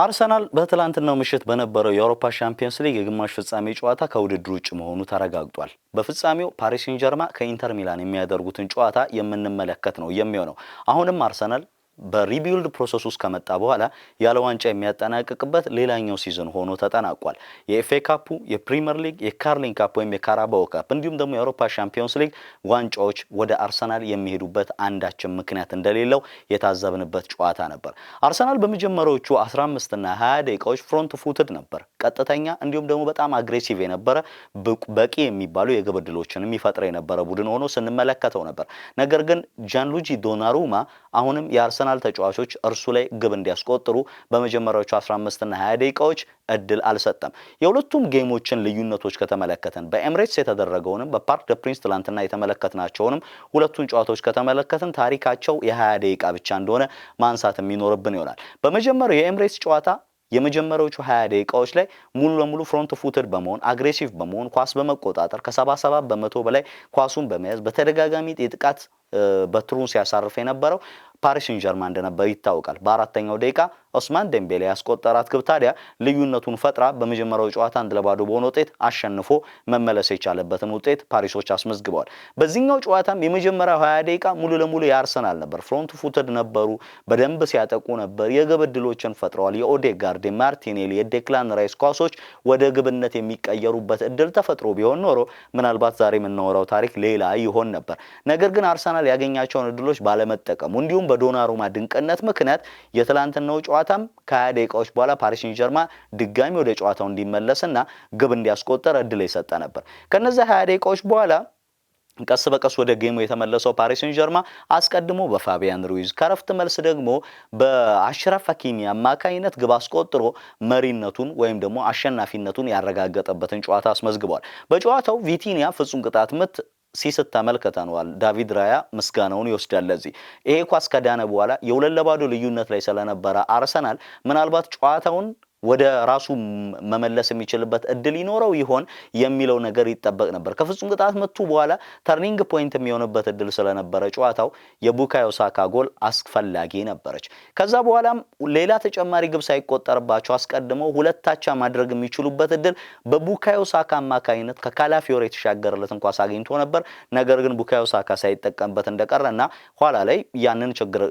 አርሰናል በትላንትናው ምሽት በነበረው የአውሮፓ ሻምፒየንስ ሊግ የግማሽ ፍጻሜ ጨዋታ ከውድድር ውጭ መሆኑ ተረጋግጧል። በፍጻሜው ፓሪስ ሴንት ከኢንተር ሚላን የሚያደርጉትን ጨዋታ የምንመለከት ነው የሚሆነው። አሁንም አርሰናል በሪቢውልድ ፕሮሰስ ውስጥ ከመጣ በኋላ ያለ ዋንጫ የሚያጠናቅቅበት ሌላኛው ሲዝን ሆኖ ተጠናቋል። የኤፍኤ ካፑ፣ የፕሪምየር ሊግ፣ የካርሊን ካፕ ወይም የካራባኦ ካፕ እንዲሁም ደግሞ የአውሮፓ ሻምፒዮንስ ሊግ ዋንጫዎች ወደ አርሰናል የሚሄዱበት አንዳችን ምክንያት እንደሌለው የታዘብንበት ጨዋታ ነበር። አርሰናል በመጀመሪያዎቹ 15ና 20 ደቂቃዎች ፍሮንት ፉትድ ነበር። ቀጥተኛ እንዲሁም ደግሞ በጣም አግሬሲቭ የነበረ በቂ የሚባሉ የግብ ዕድሎችንም የነበረ ቡድን ሆኖ ስንመለከተው ነበር። ነገር ግን ጃንሉጂ ዶናሩማ አሁንም የአርሰናል የአርሰናል ተጫዋቾች እርሱ ላይ ግብ እንዲያስቆጥሩ በመጀመሪያዎቹ 15 እና 20 ደቂቃዎች እድል አልሰጠም። የሁለቱም ጌሞችን ልዩነቶች ከተመለከትን በኤምሬትስ የተደረገውንም በፓርክ ደ ፕሪንስ ትላንትና የተመለከትናቸውንም ሁለቱን ጨዋታዎች ከተመለከትን ታሪካቸው የ20 ደቂቃ ብቻ እንደሆነ ማንሳት የሚኖርብን ይሆናል። በመጀመሪያው የኤምሬትስ ጨዋታ የመጀመሪያዎቹ 20 ደቂቃዎች ላይ ሙሉ ለሙሉ ፍሮንት ፉትድ በመሆን አግሬሲቭ በመሆን ኳስ በመቆጣጠር ከ77 በመቶ በላይ ኳሱን በመያዝ በተደጋጋሚ የጥቃት በትሩን ሲያሳርፍ የነበረው ፓሪስ ሴን ጀርማን እንደነበር ይታወቃል። በአራተኛው ደቂቃ ኦስማን ዴምቤሌ ያስቆጠራት ግብ ታዲያ ልዩነቱን ፈጥራ በመጀመሪያው ጨዋታ አንድ ለባዶ በሆነ ውጤት አሸንፎ መመለስ የቻለበትን ውጤት ፓሪሶች አስመዝግበዋል። በዚህኛው ጨዋታም የመጀመሪያው 20 ደቂቃ ሙሉ ለሙሉ የአርሰናል ነበር። ፍሮንት ፉትድ ነበሩ፣ በደንብ ሲያጠቁ ነበር፣ የግብ እድሎችን ፈጥረዋል። የኦዴጋርድ፣ የማርቲኔል፣ የዴክላን ራይስ ኳሶች ወደ ግብነት የሚቀየሩበት እድል ተፈጥሮ ቢሆን ኖሮ ምናልባት ዛሬ የምናወራው ታሪክ ሌላ ይሆን ነበር። ነገር ግን አርሰናል ያገኛቸውን እድሎች ባለመጠቀሙ እንዲሁም በዶናሩማ ድንቅነት ምክንያት የትላንትናው ጨዋታም ከሀያ ደቂቃዎች በኋላ ፓሪስ ሴንጀርማ ድጋሚ ወደ ጨዋታው እንዲመለስና ግብ እንዲያስቆጠር እድል የሰጠ ነበር። ከነዚያ ሀያ ደቂቃዎች በኋላ ቀስ በቀስ ወደ ጌሙ የተመለሰው ፓሪስ ጀርማ አስቀድሞ በፋቢያን ሩይዝ ከረፍት መልስ ደግሞ በአሽራፍ ሀኪሚ አማካኝነት ግብ አስቆጥሮ መሪነቱን ወይም ደግሞ አሸናፊነቱን ያረጋገጠበትን ጨዋታ አስመዝግቧል። በጨዋታው ቪቲኒያ ፍጹም ቅጣት ምት ሲስት ተመልክተነዋል። ዳቪድ ራያ ምስጋናውን ይወስዳል። ለዚህ ይሄ ኳስ ከዳነ በኋላ የሁለት ለባዶ ልዩነት ላይ ስለነበረ አርሰናል ምናልባት ጨዋታውን ወደ ራሱ መመለስ የሚችልበት እድል ይኖረው ይሆን የሚለው ነገር ይጠበቅ ነበር። ከፍጹም ቅጣት ምቱ በኋላ ተርኒንግ ፖይንት የሚሆንበት እድል ስለነበረ ጨዋታው የቡካዮ ሳካ ጎል አስፈላጊ ነበረች። ከዛ በኋላም ሌላ ተጨማሪ ግብ ሳይቆጠርባቸው አስቀድመው ሁለታቻ ማድረግ የሚችሉበት እድል በቡካዮ ሳካ አማካኝነት ከካላፊዮር የተሻገረለት ኳስ አግኝቶ ነበር። ነገር ግን ቡካዮ ሳካ ሳይጠቀምበት እንደቀረ እና ኋላ ላይ ያንን ችግር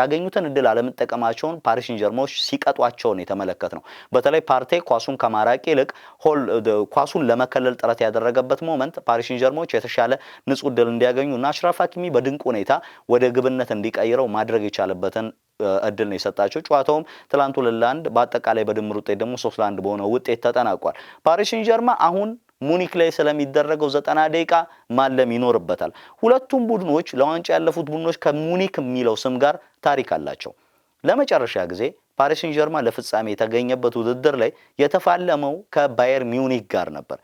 ያገኙትን እድል አለመጠቀማቸውን ፓሪስ ጀርማዎች ሲቀጧቸውን ስንመለከት ነው። በተለይ ፓርቴ ኳሱን ከማራቅ ይልቅ ሆል ኳሱን ለመከለል ጥረት ያደረገበት ሞመንት ፓሪሽን ጀርሞች የተሻለ ንጹህ ድል እንዲያገኙና አሽራፍ ሀኪሚ በድንቅ ሁኔታ ወደ ግብነት እንዲቀይረው ማድረግ የቻለበትን እድል ነው የሰጣቸው። ጨዋታውም ትላንት ሁለት ለአንድ በአጠቃላይ በድምር ውጤት ደግሞ ሶስት ለአንድ በሆነ ውጤት ተጠናቋል። ፓሪሽን ጀርማ አሁን ሙኒክ ላይ ስለሚደረገው ዘጠና ደቂቃ ማለም ይኖርበታል። ሁለቱም ቡድኖች ለዋንጫ ያለፉት ቡድኖች ከሙኒክ የሚለው ስም ጋር ታሪክ አላቸው። ለመጨረሻ ጊዜ ፓሪስ ጀርማ ለፍጻሜ የተገኘበት ውድድር ላይ የተፋለመው ከባየር ሚውኒክ ጋር ነበር።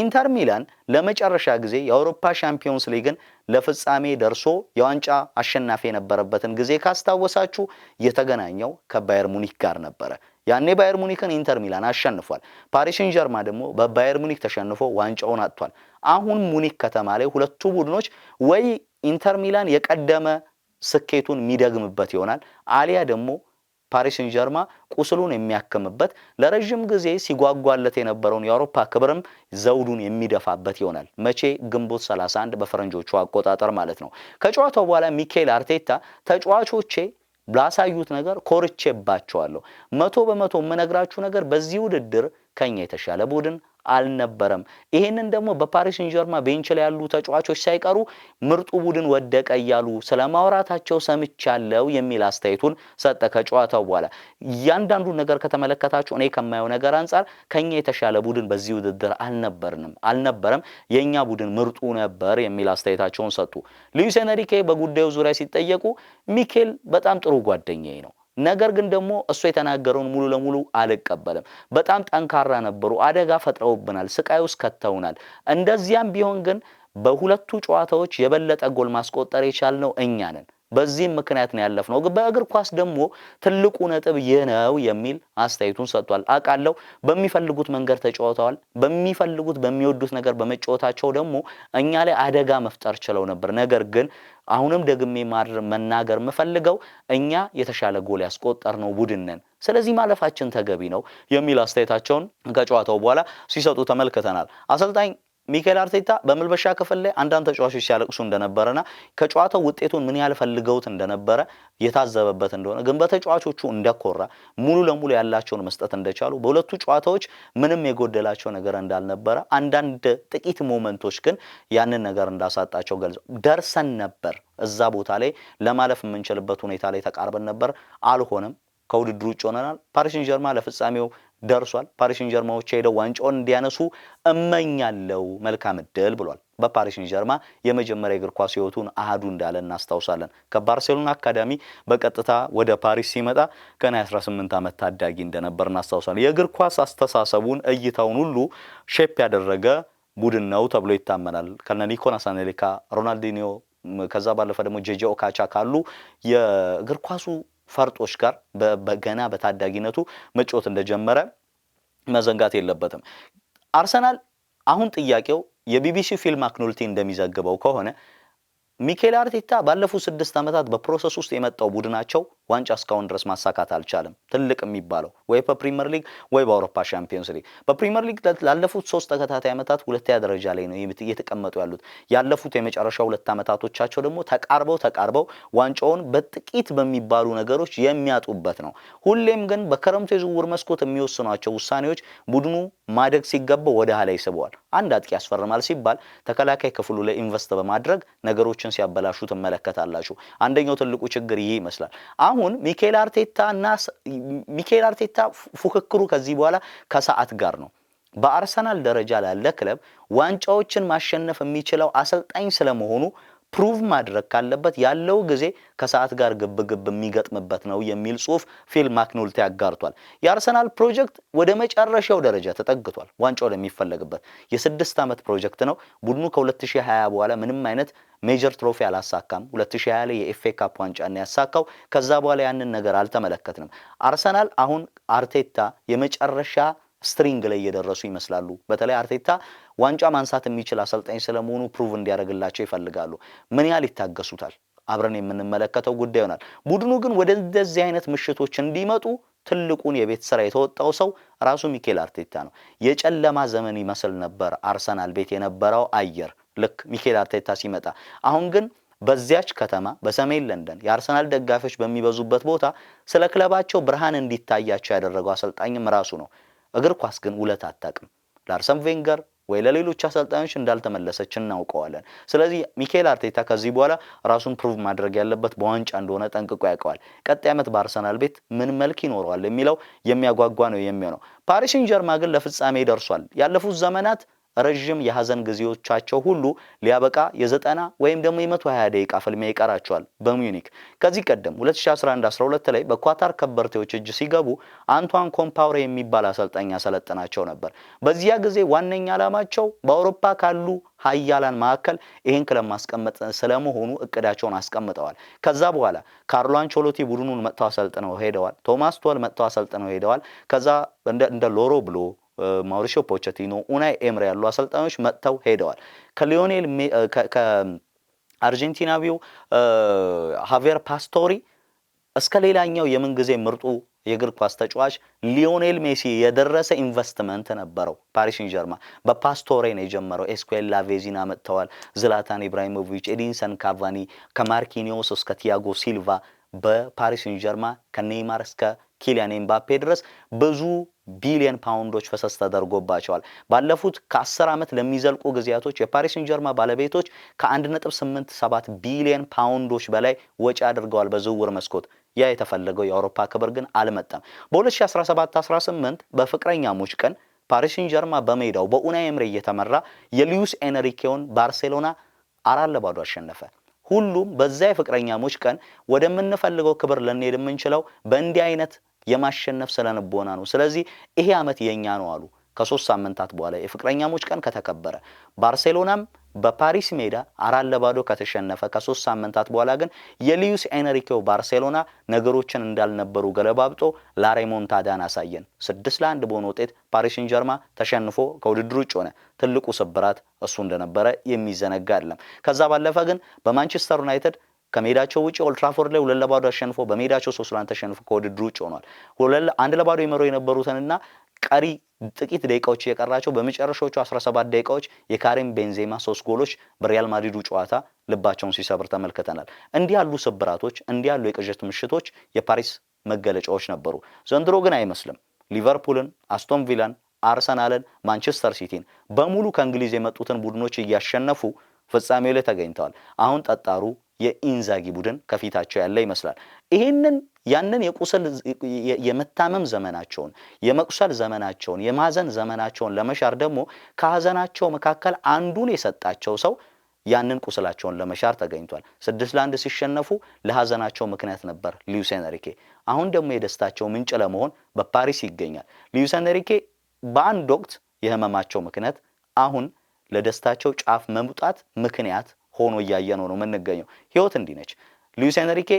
ኢንተር ሚላን ለመጨረሻ ጊዜ የአውሮፓ ሻምፒዮንስ ሊግን ለፍጻሜ ደርሶ የዋንጫ አሸናፊ የነበረበትን ጊዜ ካስታወሳችሁ የተገናኘው ከባየር ሙኒክ ጋር ነበረ። ያኔ ባየር ሙኒክን ኢንተር ሚላን አሸንፏል። ፓሪስ ጀርማ ደግሞ በባየር ሙኒክ ተሸንፎ ዋንጫውን አጥቷል። አሁን ሙኒክ ከተማ ላይ ሁለቱ ቡድኖች ወይ ኢንተር ሚላን የቀደመ ስኬቱን የሚደግምበት ይሆናል አሊያ ደግሞ ፓሪስ ሴንጀርማ ቁስሉን የሚያክምበት ለረዥም ጊዜ ሲጓጓለት የነበረውን የአውሮፓ ክብርም ዘውዱን የሚደፋበት ይሆናል። መቼ? ግንቦት 31 በፈረንጆቹ አቆጣጠር ማለት ነው። ከጨዋታው በኋላ ሚካኤል አርቴታ ተጫዋቾቼ ላሳዩት ነገር ኮርቼባቸዋለሁ። መቶ በመቶ የምነግራችሁ ነገር በዚህ ውድድር ከኛ የተሻለ ቡድን አልነበረም። ይሄንን ደግሞ በፓሪስ እንጀርማ ቤንች ላይ ያሉ ተጫዋቾች ሳይቀሩ ምርጡ ቡድን ወደቀ እያሉ ስለ ማውራታቸው ሰምቻለሁ የሚል አስተያየቱን ሰጠ። ከጨዋታው በኋላ እያንዳንዱ ነገር ከተመለከታችሁ እኔ ከማየው ነገር አንጻር ከኛ የተሻለ ቡድን በዚህ ውድድር አልነበርንም አልነበረም፣ የእኛ ቡድን ምርጡ ነበር የሚል አስተያየታቸውን ሰጡ። ሉዊስ ኤንሪኬ በጉዳዩ ዙሪያ ሲጠየቁ ሚኬል በጣም ጥሩ ጓደኛዬ ነው ነገር ግን ደግሞ እሱ የተናገረውን ሙሉ ለሙሉ አልቀበልም። በጣም ጠንካራ ነበሩ። አደጋ ፈጥረውብናል፣ ስቃይ ውስጥ ከተውናል። እንደዚያም ቢሆን ግን በሁለቱ ጨዋታዎች የበለጠ ጎል ማስቆጠር የቻልነው እኛ ነን። በዚህም ምክንያት ነው ያለፍነው። በእግር ኳስ ደግሞ ትልቁ ነጥብ ይህ ነው የሚል አስተያየቱን ሰጥቷል። አቃለው በሚፈልጉት መንገድ ተጫውተዋል። በሚፈልጉት በሚወዱት ነገር በመጫወታቸው ደግሞ እኛ ላይ አደጋ መፍጠር ችለው ነበር። ነገር ግን አሁንም ደግሜ ማድር መናገር የምፈልገው እኛ የተሻለ ጎል ያስቆጠርነው ቡድን ነን፣ ስለዚህ ማለፋችን ተገቢ ነው የሚል አስተያየታቸውን ከጨዋታው በኋላ ሲሰጡ ተመልክተናል። አሰልጣኝ ሚካኤል አርቴታ በመልበሻ ክፍል ላይ አንዳንድ ተጫዋቾች ሲያለቅሱ እንደነበረና ከጨዋታው ውጤቱን ምን ያህል ፈልገውት እንደነበረ የታዘበበት እንደሆነ ግን በተጫዋቾቹ እንደኮራ ሙሉ ለሙሉ ያላቸውን መስጠት እንደቻሉ በሁለቱ ጨዋታዎች ምንም የጎደላቸው ነገር እንዳልነበረ፣ አንዳንድ ጥቂት ሞመንቶች ግን ያንን ነገር እንዳሳጣቸው ገልጸው ደርሰን ነበር እዛ ቦታ ላይ ለማለፍ የምንችልበት ሁኔታ ላይ ተቃርበን ነበር፣ አልሆነም። ከውድድር ውጭ ሆነናል። ፓሪስ ሴን ለፍጻሜው ደርሷል። ፓሪሽን ጀርማዎች ሄደው ዋንጫውን እንዲያነሱ እመኛለው፣ መልካም እድል ብሏል። በፓሪሽን ጀርማ የመጀመሪያ እግር ኳስ ህይወቱን አህዱ እንዳለ እናስታውሳለን። ከባርሴሎና አካዳሚ በቀጥታ ወደ ፓሪስ ሲመጣ ገና 18 ዓመት ታዳጊ እንደነበር እናስታውሳለን። የእግር ኳስ አስተሳሰቡን እይታውን ሁሉ ሼፕ ያደረገ ቡድን ነው ተብሎ ይታመናል። ከነ ኒኮላስ አኔልካ፣ ሮናልዲኒዮ ከዛ ባለፈ ደግሞ ጄጄ ኦካቻ ካሉ የእግር ኳሱ ፈርጦች ጋር በገና በታዳጊነቱ መጫወት እንደጀመረ መዘንጋት የለበትም። አርሰናል አሁን ጥያቄው የቢቢሲ ፊል ማክኖልቲ እንደሚዘግበው ከሆነ ሚኬል አርቴታ ባለፉት ስድስት ዓመታት በፕሮሰስ ውስጥ የመጣው ቡድናቸው ዋንጫ እስካሁን ድረስ ማሳካት አልቻለም። ትልቅ የሚባለው ወይ በፕሪምየር ሊግ ወይ በአውሮፓ ሻምፒዮንስ ሊግ። በፕሪምየር ሊግ ላለፉት ሶስት ተከታታይ ዓመታት ሁለተኛ ደረጃ ላይ ነው እየተቀመጡ ያሉት። ያለፉት የመጨረሻ ሁለት ዓመታቶቻቸው ደግሞ ተቃርበው ተቃርበው ዋንጫውን በጥቂት በሚባሉ ነገሮች የሚያጡበት ነው። ሁሌም ግን በክረምቱ የዝውውር መስኮት የሚወስኗቸው ውሳኔዎች ቡድኑ ማደግ ሲገባው ወደ ኋላ ይስበዋል። አንድ አጥቂ ያስፈርማል ሲባል ተከላካይ ክፍሉ ላይ ኢንቨስት በማድረግ ነገሮችን ሲያበላሹ ትመለከታላችሁ። አንደኛው ትልቁ ችግር ይህ ይመስላል። አሁን ሚካኤል አርቴታ እና ሚኬል አርቴታ ፉክክሩ ከዚህ በኋላ ከሰዓት ጋር ነው። በአርሰናል ደረጃ ላለ ክለብ ዋንጫዎችን ማሸነፍ የሚችለው አሰልጣኝ ስለመሆኑ ፕሩቭ ማድረግ ካለበት ያለው ጊዜ ከሰዓት ጋር ግብ ግብ የሚገጥምበት ነው የሚል ጽሁፍ ፊል ማክኖልቲ ያጋርቷል። የአርሰናል ፕሮጀክት ወደ መጨረሻው ደረጃ ተጠግቷል። ዋንጫው ለሚፈለግበት የስድስት ዓመት ፕሮጀክት ነው። ቡድኑ ከ2020 በኋላ ምንም አይነት ሜጀር ትሮፊ አላሳካም። 2020 ላይ የኤፍኤ ካፕ ዋንጫ ያሳካው። ከዛ በኋላ ያንን ነገር አልተመለከትንም። አርሰናል አሁን አርቴታ የመጨረሻ ስትሪንግ ላይ እየደረሱ ይመስላሉ። በተለይ አርቴታ ዋንጫ ማንሳት የሚችል አሰልጣኝ ስለመሆኑ ፕሩቭ እንዲያደርግላቸው ይፈልጋሉ። ምን ያህል ይታገሱታል? አብረን የምንመለከተው ጉዳይ ይሆናል። ቡድኑ ግን ወደዚህ አይነት ምሽቶች እንዲመጡ ትልቁን የቤት ስራ የተወጣው ሰው ራሱ ሚኬል አርቴታ ነው። የጨለማ ዘመን ይመስል ነበር አርሰናል ቤት የነበረው አየር ልክ ሚኬል አርቴታ ሲመጣ። አሁን ግን በዚያች ከተማ በሰሜን ለንደን የአርሰናል ደጋፊዎች በሚበዙበት ቦታ ስለ ክለባቸው ብርሃን እንዲታያቸው ያደረገው አሰልጣኝም ራሱ ነው። እግር ኳስ ግን ውለት አታቅም ላርሰን ቬንገር ወይ ለሌሎች አሰልጣኞች እንዳልተመለሰች እናውቀዋለን። ስለዚህ ሚካኤል አርቴታ ከዚህ በኋላ ራሱን ፕሩቭ ማድረግ ያለበት በዋንጫ እንደሆነ ጠንቅቆ ያውቀዋል። ቀጣይ ዓመት በአርሰናል ቤት ምን መልክ ይኖረዋል የሚለው የሚያጓጓ ነው የሚሆነው። ፓሪስ ጀርማ ግን ለፍጻሜ ደርሷል። ያለፉት ዘመናት ረዥም የሀዘን ጊዜዎቻቸው ሁሉ ሊያበቃ የዘጠና ወይም ደግሞ የ120 ደቂቃ ፍልሚያ ይቀራቸዋል በሚዩኒክ ከዚህ ቀደም 2011-12 ላይ በኳታር ከበርቴዎች እጅ ሲገቡ አንቷን ኮምፓውሬ የሚባል አሰልጣኝ ያሰለጥናቸው ነበር። በዚያ ጊዜ ዋነኛ ዓላማቸው በአውሮፓ ካሉ ሀያላን መካከል ይህን ክለብ ማስቀመጥ ስለመሆኑ እቅዳቸውን አስቀምጠዋል። ከዛ በኋላ ካርሎ አንቾሎቲ ቡድኑን መጥተው አሰልጥነው ሄደዋል። ቶማስ ቶል መጥተው አሰልጥነው ሄደዋል። ከዛ እንደ ሎሮ ብሎ ማውሪሾ ፖቸቲኖ፣ ኡናይ ኤምሬ ያሉ አሰልጣኞች መጥተው ሄደዋል። ከሊዮኔል ከአርጀንቲናዊው ሃቬር ፓስቶሪ እስከ ሌላኛው የምንጊዜ ምርጡ የእግር ኳስ ተጫዋች ሊዮኔል ሜሲ የደረሰ ኢንቨስትመንት ነበረው። ፓሪስ ሴን ጀርማን በፓስቶሬ ነው የጀመረው። ኤስኩዌል ላቬዚን መጥተዋል። ዝላታን ኢብራሂሞቪች፣ ኤዲንሰን ካቫኒ ከማርኪኒዮስ እስከ ቲያጎ ሲልቫ በፓሪስ ሴን ከኔይማር እስከ ኪሊያን ኤምባፔ ድረስ ብዙ ቢሊየን ፓውንዶች ፈሰስ ተደርጎባቸዋል። ባለፉት ከ10 ዓመት ለሚዘልቁ ጊዜያቶች የፓሪስ ሴንጀርማ ባለቤቶች ከ1.87 ቢሊየን ፓውንዶች በላይ ወጪ አድርገዋል በዝውውር መስኮት። ያ የተፈለገው የአውሮፓ ክብር ግን አልመጣም። በ2017-18 በፍቅረኛሞች ቀን ፓሪስ ሴንጀርማ በሜዳው በኡናይ ኤምሬ እየተመራ የሊዩስ ኤንሪኬውን ባርሴሎና አራት ለባዶ አሸነፈ። ሁሉም በዚያ የፍቅረኛሞች ቀን ወደምንፈልገው ክብር ልንሄድ የምንችለው በእንዲህ አይነት የማሸነፍ ስነ ልቦና ነው። ስለዚህ ይሄ ዓመት የኛ ነው አሉ። ከሶስት ሳምንታት በኋላ የፍቅረኛሞች ቀን ከተከበረ ባርሴሎናም በፓሪስ ሜዳ አራት ለባዶ ከተሸነፈ ከሶስት ሳምንታት በኋላ ግን የሊዩስ ኤንሪኬው ባርሴሎና ነገሮችን እንዳልነበሩ ገለባብጦ ላሬሞንታዳን አሳየን። ስድስት ለአንድ በሆነ ውጤት ፓሪስን ጀርማ ተሸንፎ ከውድድር ውጭ ሆነ። ትልቁ ስብራት እሱ እንደነበረ የሚዘነጋ አይደለም። ከዛ ባለፈ ግን በማንቸስተር ዩናይትድ ከሜዳቸው ውጪ ኦልትራፎርድ ላይ ሁለት ለባዶ አሸንፎ በሜዳቸው ሶስት ለአንድ ተሸንፎ ከውድድር ውጭ ሆኗል። አንድ ለባዶ የመሩ የነበሩትንና ቀሪ ጥቂት ደቂቃዎች የቀራቸው በመጨረሻዎቹ 17 ደቂቃዎች የካሪም ቤንዜማ ሶስት ጎሎች በሪያል ማድሪዱ ጨዋታ ልባቸውን ሲሰብር ተመልክተናል። እንዲህ ያሉ ስብራቶች፣ እንዲህ ያሉ የቅዠት ምሽቶች የፓሪስ መገለጫዎች ነበሩ። ዘንድሮ ግን አይመስልም። ሊቨርፑልን፣ አስቶን ቪላን፣ አርሰናልን፣ ማንቸስተር ሲቲን በሙሉ ከእንግሊዝ የመጡትን ቡድኖች እያሸነፉ ፍጻሜው ላይ ተገኝተዋል። አሁን ጠጣሩ የኢንዛጊ ቡድን ከፊታቸው ያለ ይመስላል። ይህንን ያንን የቁስል የመታመም ዘመናቸውን የመቁሰል ዘመናቸውን የማዘን ዘመናቸውን ለመሻር ደግሞ ከሀዘናቸው መካከል አንዱን የሰጣቸው ሰው ያንን ቁስላቸውን ለመሻር ተገኝቷል። ስድስት ለአንድ ሲሸነፉ ለሀዘናቸው ምክንያት ነበር ሉዊስ ኤንሪኬ። አሁን ደግሞ የደስታቸው ምንጭ ለመሆን በፓሪስ ይገኛል። ሉዊስ ኤንሪኬ በአንድ ወቅት የህመማቸው ምክንያት አሁን ለደስታቸው ጫፍ መምጣት ምክንያት ሆኖ እያየ ነው ነው የምንገኘው። ህይወት እንዲህ ነች። ሉዊስ ኤንሪኬ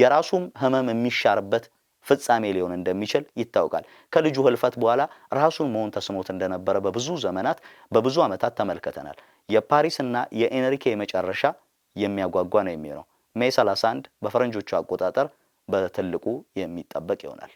የራሱም ህመም የሚሻርበት ፍጻሜ ሊሆን እንደሚችል ይታወቃል። ከልጁ ህልፈት በኋላ ራሱን መሆን ተስኖት እንደነበረ በብዙ ዘመናት በብዙ ዓመታት ተመልከተናል። የፓሪስና የኤንሪኬ የመጨረሻ የሚያጓጓ ነው የሚሆነው ሜይ 31 በፈረንጆቹ አቆጣጠር በትልቁ የሚጠበቅ ይሆናል።